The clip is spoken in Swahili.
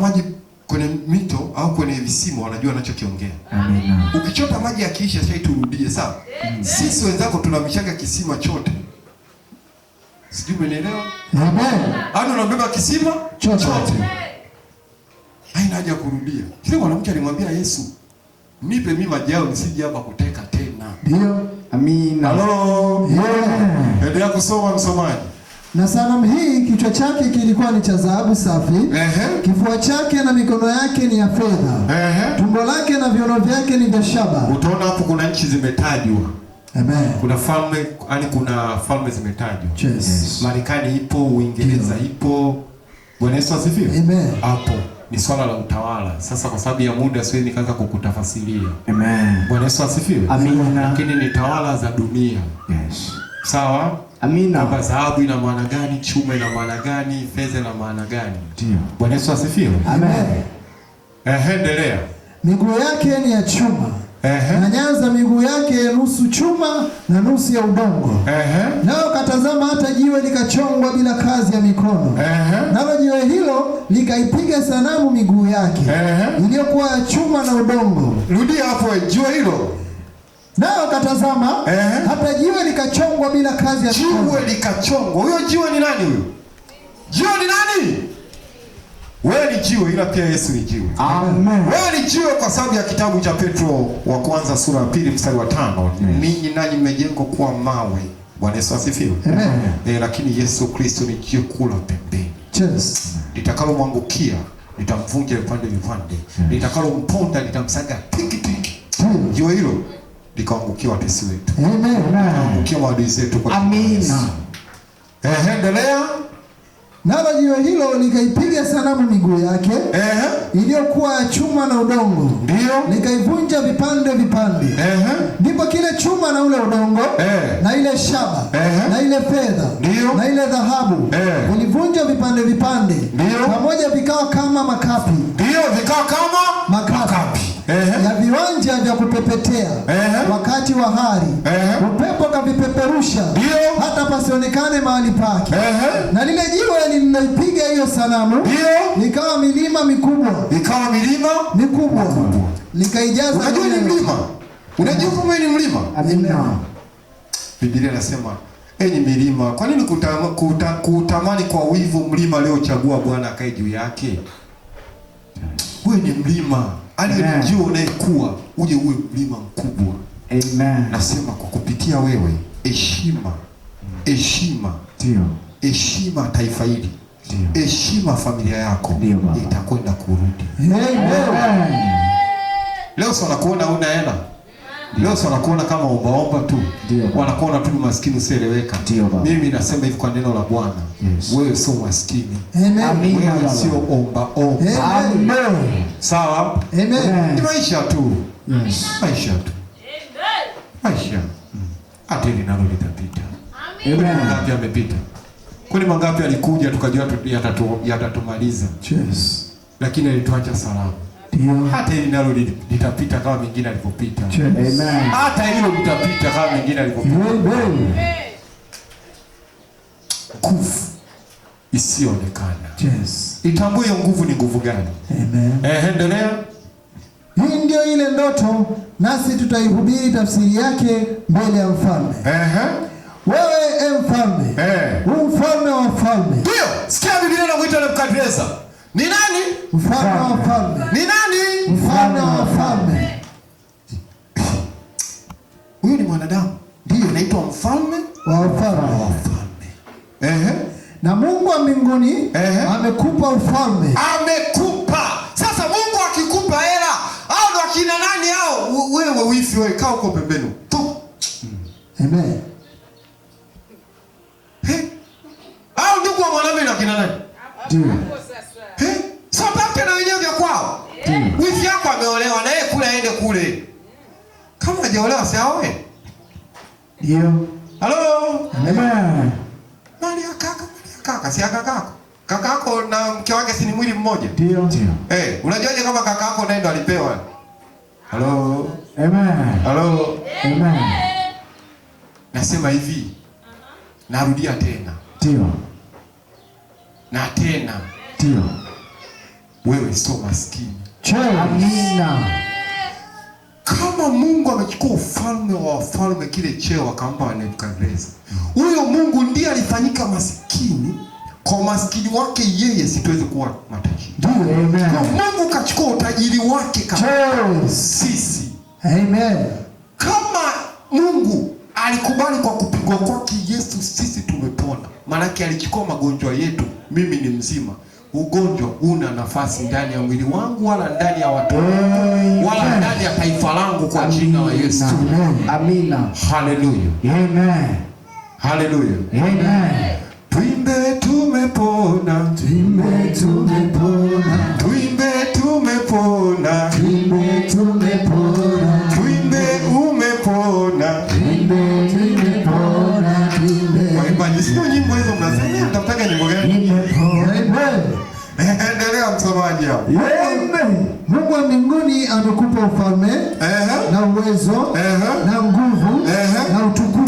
maji kwenye mito au kwenye visima wanajua anachokiongea. wanachokiongea. Ukichota maji yakiisha, sasa turudie sawa. Sisi wenzako tunamishaka kisima chote, sijui umenielewa? Yaani unabeba kisima chote, chote. Haina haja kurudia. Kile mwanamke alimwambia Yesu, nipe mimi maji yao nisije hapa kuteka tena. Ndio. Amina. Hello. Yeah. Endelea kusoma msomaji na sanamu hii kichwa chake kilikuwa ni cha dhahabu safi. uh -huh. Kifua chake na mikono yake ni ya fedha. uh -huh. Tumbo lake na viuno vyake ni vya shaba. Utaona hapo kuna nchi zimetajwa. Amen. Kuna falme, yani kuna falme zimetajwa. Yes. Yes. Marekani ipo, Uingereza ipo. Bwana Yesu asifiwe. Amen. Hapo ni swala la utawala. Sasa kwa sababu ya muda siwezi nikaanza kukutafasilia. Amen. Bwana Yesu asifiwe. Amina. Lakini ni tawala za dunia. Yes. Sawa? Amina. Kwa dhahabu ina maana gani? Chuma ina maana gani? Fedha ina maana gani? Ndio. Bwana Yesu asifiwe. Amen. Eh, endelea. Miguu yake ni ya chuma. Ehe. Na nyayo za miguu yake nusu chuma na nusu ya udongo. Ehe. Nao katazama hata jiwe likachongwa bila kazi ya mikono. Ehe. Nalo jiwe hilo likaipiga sanamu miguu yake. Ehe. Iliyokuwa ya chuma na udongo. Rudia hapo jiwe hilo nao akatazama eh, hata jiwe likachongwa bila kazi ya jiwe likachongwa. Huyo jiwe ni nani? Huyo jiwe ni nani? Wewe ni jiwe, ila pia Yesu ni jiwe. Amen. Wewe ni jiwe kwa sababu ya kitabu cha Petro wa kwanza sura ya pili mstari wa tano, ninyi nanyi mmejengwa kuwa mawe. Bwana Yesu asifiwe. Amen. Eh, lakini Yesu Kristo ni jiwe kula pembeni. Yes. Litakalomwangukia litamvunja vipande vipande, litakalo mponda litamsaga piki Jiwe hilo likaangukia watesi wetu, likaangukia maadui zetu amina. endelea. Nalo jiwe hilo likaipiga sanamu miguu yake iliyokuwa ya chuma na udongo, ndio likaivunja vipande vipande. Ndipo kile chuma na ule udongo Ehe. na ile shaba Ehe. na ile fedha ndio na ile dhahabu e. ulivunja vipande vipande, pamoja vikawa kama makapi, ndio vikawa kama ya viwanja vya kupepetea wakati wa hari, upepo kavipeperusha hata pasionekane mahali pake, na lile jiwe lililoipiga hiyo sanamu ikawa milima mikubwa, ikawa milima mikubwa likaijaza. Unajua ni mlima, unajua kama ni mlima. Biblia inasema enyi milima, kwa nini kutamani kuta, kwa wivu mlima aliochagua Bwana akae juu yake? Wewe ni mlima aliye mjuu unayekuwa uje uwe mlima mkubwa. Amen. Nasema kwa kupitia wewe heshima, heshima, ndio heshima taifa hili, heshima familia yako itakwenda kurudi. Amen. Leo sana kuona unaenda yote wanakuona kama ombaomba tu, Ndio. wanakuona tu maskini usieleweka. Mimi nasema hivi kwa neno la Bwana, wewe sio maskini, Amen. wewe sio omba omba. Amen. Sawa, Amen. ni maisha tu, Yes. maisha tu, Amen. maisha mm. hata hili nalo litapita. Amen. Ngapi amepita kwani? Mangapi alikuja tukajua yatatumaliza, Yes. lakini alituacha salama hata hili nalo litapita kama mengine alivyopita. Hata hilo litapita kama mengine alivyopita. Nguvu isiyoonekana. Yes. Itambue hiyo nguvu ni nguvu gani? Amen. Eh, endelea. Hii ndio ile ndoto nasi tutaihubiri tafsiri yake mbele ya mfalme. Ehe. Wewe e mfalme. Eh. Mfalme wa mfalme. Ndio. Sikia Biblia inakuita Nebukadneza. Ni nani? Mfalme wa mfalme. Ni nani? wa wafalme ehe, na Mungu wa mbinguni amekupa ufalme, amekupa sasa. Mungu akikupa hela au ndo akina nani hao, wewe wifi, wewe kaa huko pembeni tu, amen. Au ndugu wa mwanamume na kina nani so pape na wenyewe vya kwao, wifi yako ameolewa na yeye kule aende kule, kama hajaolewa si aoe, ndio Hello? Amen. Mali ya kaka, mali ya kaka, si ya kakako. Kakako na mke wake si ni mwili mmoja? Ndio. Ndio. Eh, hey, unajuaje kama kakako naye ndo alipewa? Hello? Amen. Hello? Amen. Nasema hivi. Narudia tena. Ndio. Na tena. Ndio. Wewe sio maskini. Amina. Kama Mungu amechukua ufalme wa wafalme, kile cheo akampa wa Nebukadneza, huyo Mungu ndiye alifanyika masikini kwa maskini wake yeye, situweze kuwa matajiri. Mungu kachukua utajiri wake kama sisi. Amen. Kama Mungu alikubali kwa kupigwa kwake Yesu sisi tumepona, maanake alichukua magonjwa yetu. Mimi ni mzima, ugonjwa una nafasi ndani ya mwili wangu wala ndani ya watu wala ndani wangu kwa jina la Yesu. Amina. Haleluya. Amen. Haleluya. Amen. Tuimbe tumepona. Tuimbe tumepona. Tuimbe tumepona. Tuimbe tumepona. Tuimbe umepona. Tuimbe tumepona. Tuimbe. Waimbaji, sio nyimbo hizo mnasema, mtafutaga nyimbo gani? Nimepona. Endelea msomaji hapo. Yeah. Mungu wa mbinguni amekupa ufalme na uwezo na nguvu na utukufu